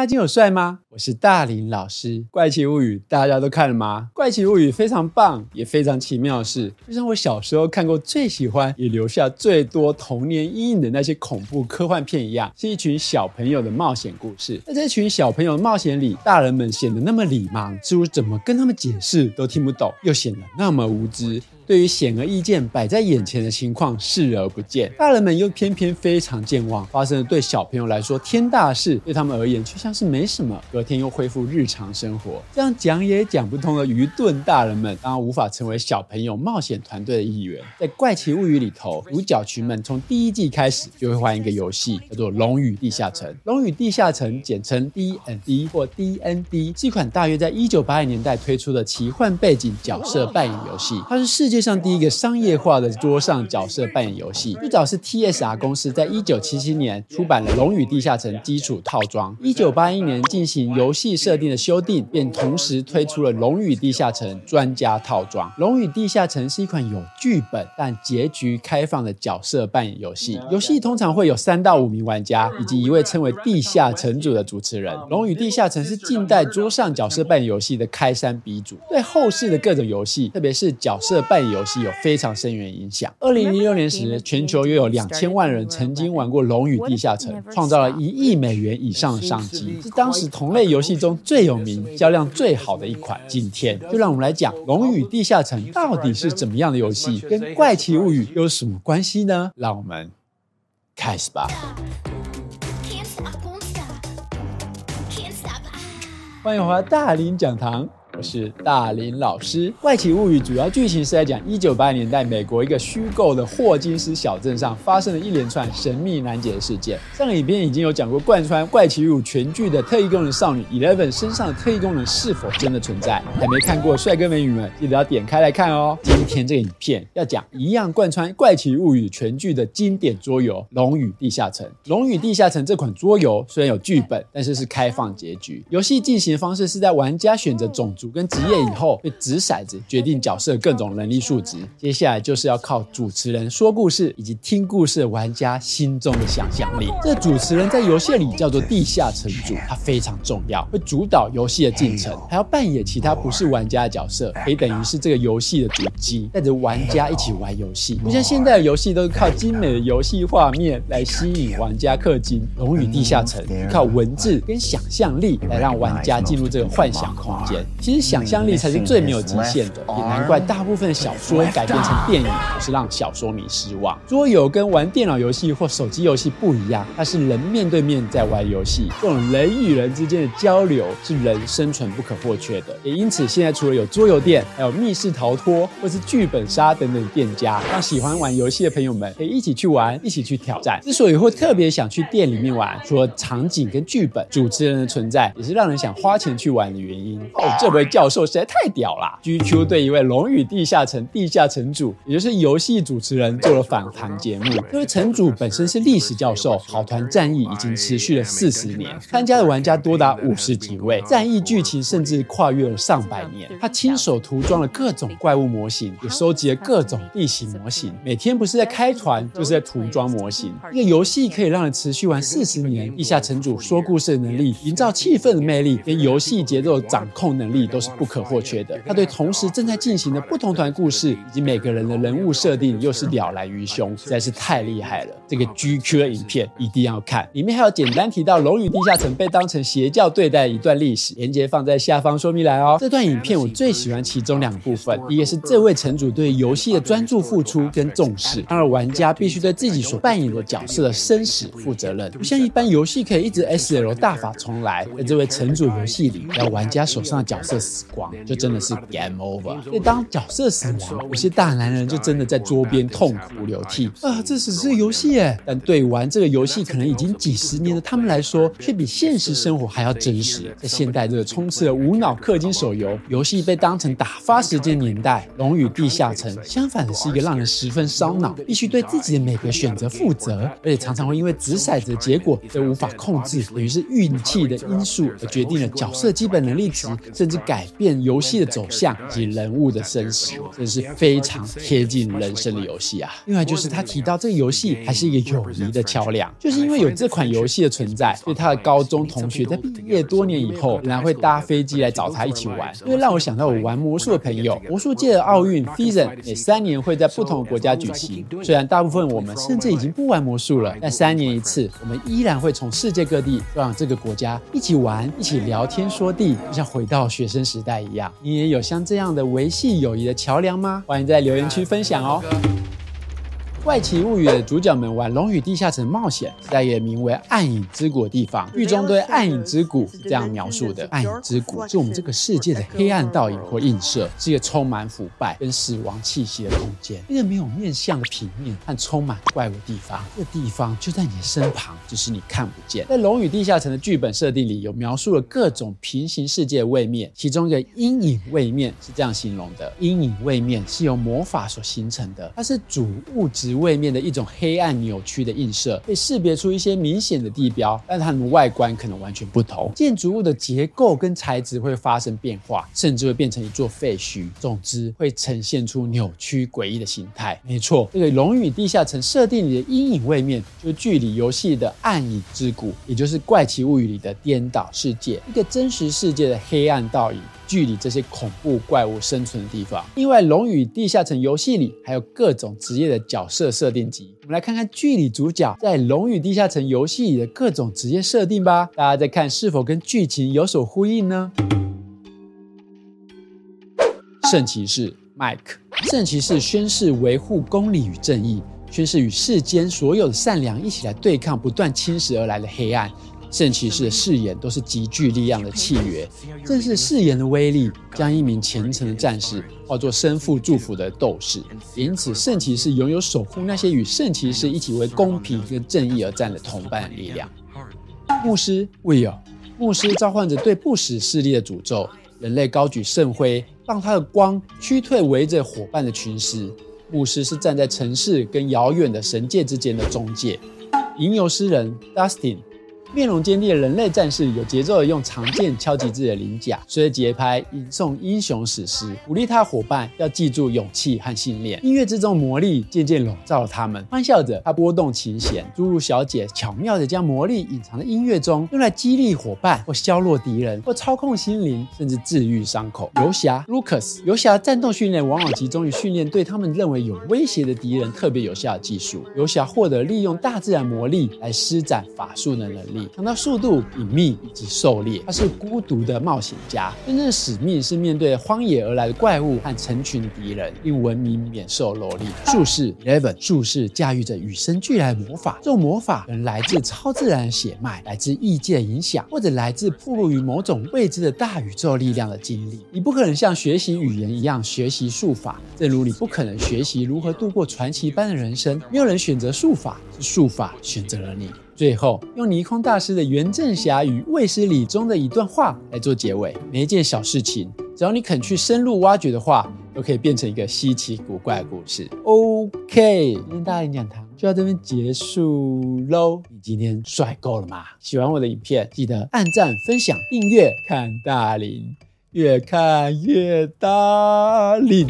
阿金有帥嗎？是大林老師《怪奇物語》，大家都看了嗎？《怪奇物語》非常棒，也非常奇妙的是，就像我小時候看過最喜歡，也留下最多童年陰影的那些恐怖科幻片一樣，是一群小朋友的冒險故事。在這群小朋友的冒險裡，大人們顯得那麼理盲，似乎怎麼跟他們解釋都聽不懂，又顯得那麼無知，對於顯而易見擺在眼前的情況視而不見。大人們又偏偏非常健忘，發生了對小朋友來說天大的事，對他們而言卻像是沒什麼。天又恢復日常生活。這樣講也講不通的愚鈍大人們，當然無法成為小朋友冒險團隊的一員。在《怪奇物語》裡頭，主角群們從第一季開始就會玩一個遊戲，叫做《龍與地下城》。《龍與地下城》簡稱 D&D 或 DnD，是一款大約在一九八零年代推出的奇幻背景角色扮演遊戲。它是世界上第一個商業化的桌上角色扮演遊戲。最早是 T S R 公司在一九七七年出版了《龍與地下城》基礎套裝，一九八一年進行。遊戲設定的修訂，便同時推出了《龍與地下城》專家套裝。《龍與地下城》是一款有劇本但結局開放的角色扮演遊戲。遊戲通常會有三到五名玩家以及一位稱為“地下城主”的主持人。《龍與地下城》是近代桌上角色扮演遊戲的開山鼻祖，對後世的各種遊戲，特別是角色扮演遊戲，有非常深遠影響。二零零六年時，全球約有兩千萬人曾經玩過《龍與地下城》，創造了一億美元以上的商機。是當時同類在遊戲中最有名、銷量最好的一款。今天就讓我們來講《龍與地下城》到底是怎麼樣的遊戲，跟《怪奇物語》有什麼關係呢？讓我們開始吧。嗯、歡迎回來，大林講堂。我是大林老師，《怪奇物語》主要劇情是在講一九八零年代美國一個虛構的霍金斯小鎮上發生了一連串神秘難解的事件。上個影片已經有講過，貫穿《怪奇物語》全劇的特異功能少女 Eleven 身上的特異功能是否真的存在？還沒看過帥哥美女們，記得要點開來看哦。今天這個影片要講一樣貫穿《怪奇物語》全劇的經典桌遊《龍與地下城》。《龍與地下城》這款桌遊雖然有劇本，但是是開放結局。遊戲進行的方式是在玩家選擇種族，跟職業以後會擲骰子決定角色各種能力數值，接下來就是要靠主持人說故事以及聽故事的玩家心中的想象力。這個主持人在遊戲裡叫做地下城主，他非常重要，會主導遊戲的進程，還要扮演其他不是玩家的角色，可以等於是這個遊戲的主機，帶着玩家一起玩遊戲。不像現在的遊戲都是靠精美的遊戲畫面來吸引玩家氪金，龍與地下城靠文字跟想象力來讓玩家進入這個幻想空間，其實。想象力才是最沒有極限的，也難怪大部分的小說改編成電影總是讓小說迷失望。桌遊跟玩電腦遊戲或手機遊戲不一樣，它是人面對面在玩遊戲，這種人與人之間的交流是人生存不可或缺的。也因此，現在除了有桌遊店，還有密室逃脫或是劇本殺等等店家，讓喜歡玩遊戲的朋友們可以一起去玩，一起去挑戰。之所以會特別想去店裡面玩，除了場景跟劇本、主持人的存在，也是讓人想花錢去玩的原因。哦，這回。教授實在太屌啦。GQ 對一位《龍與地下城》地下城主，也就是遊戲主持人，做了訪談節目。因為城主本身是歷史教授，跑團戰役已經持續了四十年，參加的玩家多達五十幾位，戰役劇情甚至跨越了上百年。他親手塗裝了各種怪物模型，也收集了各種地形模型。每天不是在開團，就是在塗裝模型。一個遊戲可以讓人持續玩四十年，地下城主說故事的能力、營造氣氛的魅力，連遊戲節奏掌控能力都。是不可或缺的。他對同時正在進行的不同團故事以及每個人的人物設定，又是了然於胸，實在是太厲害了。這個 GQ 的影片一定要看，裡面還有簡單提到《龍與地下城》被當成邪教對待一段歷史，連結放在下方說明欄哦。這段影片我最喜歡其中兩部分，一個是這位城主對遊戲的專注付出跟重視，當然玩家必須對自己所扮演的角色的生死負責任，不像一般遊戲可以一直 SL 大法重來，而這位城主遊戲裡要玩家手上的角色。死光，就真的是 game over。當角色死亡，有些大男人就真的在桌邊痛哭流涕啊！這只是遊戲誒，但對玩這個遊戲可能已經幾十年的他們來說，卻比現實生活還要真實。在現代這個充斥了無腦氪金手遊、遊戲被當成打發時間年代，《龍與地下城》相反的是一個讓人十分燒腦，必須對自己的每個選擇負責，而且常常會因為擲骰子的結果而無法控制，等於是運氣的因素，而決定了角色基本能力值，甚至。改變遊戲的走向以及人物的生死，真是非常貼近人生的遊戲啊！另外就是他提到這個遊戲還是一個友誼的橋樑，就是因為有這款遊戲的存在，所以他的高中同學在畢業多年以後，仍然會搭飛機來找他一起玩。因為讓我想到我玩魔術的朋友，魔術界的奧運 FISM，每三年會在不同的國家舉行。雖然大部分我們甚至已經不玩魔術了，但三年一次，我們依然會從世界各地讓這個國家一起，一起玩，一起聊天說地，就像回到學生時代一樣，你也有像這樣的維繫友誼的橋樑嗎？歡迎在留言區分享哦。《怪奇物語》的主角們玩《龍與地下城》冒險，在一個名為“暗影之谷”的地方。劇中對「暗影之谷」是這樣描述的：“暗影之谷是我們這個世界的黑暗倒影或映射，是一個充滿腐敗跟死亡氣息的空間，一個沒有面向的平面，和充滿怪物的地方。這個、地方就在你的身旁，只、就是你看不見。”在《龍與地下城》的劇本設定裡，有描述了各種平行世界的位面，其中一個“陰影位面”是這樣形容的：“陰影位面是由魔法所形成的，它是主物質。”位面的一種黑暗扭曲的映射，會識別出一些明顯的地標，但它們外觀可能完全不同。建築物的結構跟材質會發生變化，甚至會變成一座廢墟。總之，會呈現出扭曲詭異的形態。沒錯，這個《龍與地下城》設定裡的陰影位面，就是劇裡遊戲的暗影之谷，也就是《怪奇物語》裡的顛倒世界，一個真實世界的黑暗倒影。劇裡這些恐怖怪物生存的地方。另外，《龍與地下城》遊戲裡還有各種職業的角色設定集，我們來看看劇裡主角在《龍與地下城》遊戲裡的各種職業設定吧。大家再看是否跟劇情有所呼應呢？聖騎士 Mike，聖騎士宣誓維護公理與正義，宣誓與世間所有的善良一起來對抗不斷侵蝕而來的黑暗。聖騎士的誓言，都是極具力量的契約，正是誓言的威力，將一名虔誠的戰士化作身負祝福的鬥士。因此，聖騎士擁有守護那些與聖騎士一起為公平跟正義而戰的同伴力量。牧師 Will，牧師召喚着對不死勢力的詛咒。人類高舉聖輝，讓他的光驅退圍着夥伴的群屍。牧師是站在城市跟遙遠的神界之間的中介。吟遊詩人 Dustin。面容堅定的人類戰士有節奏的用長劍敲擊自己的鱗甲，隨着節拍吟誦英雄史詩，鼓勵他的夥伴要記住勇氣和信念。音樂之中，魔力漸漸籠罩了他們。歡笑着，他撥動琴弦。侏儒小姐巧妙地將魔力隱藏在音樂中，用來激勵夥伴，或削弱敵人，或操控心靈，甚至治癒傷口。遊俠 Lucas，遊俠的戰鬥訓練往往集中於訓練對他們認為有威脅的敵人特別有效的技術。遊俠獲得利用大自然魔力來施展法術的能力。想到速度、隱秘以及狩獵，他是孤獨的冒險家。真正的使命是面對荒野而來的怪物和成群敵人，令文明免受蹂躪。術士 l e v e n 術士駕馭着與生俱來的魔法，這種魔法能來自超自然的血脈、來自異界影響，或者來自暴露於某種未知的大宇宙力量的經歷。你不可能像學習語言一樣學習術法，正如你不可能學習如何度過傳奇般的人生，沒有人選擇術法。術法選擇了你。最後用倪匡大師的《原振俠與衛斯理》中的一段話來做結尾：每一件小事情，只要你肯去深入挖掘的話，都可以變成一個稀奇古怪的故事。OK，今天大林講堂就到這邊結束嘍。你今天帥夠了嗎？喜歡我的影片，記得按讚、分享、訂閱看大林，越看越大林。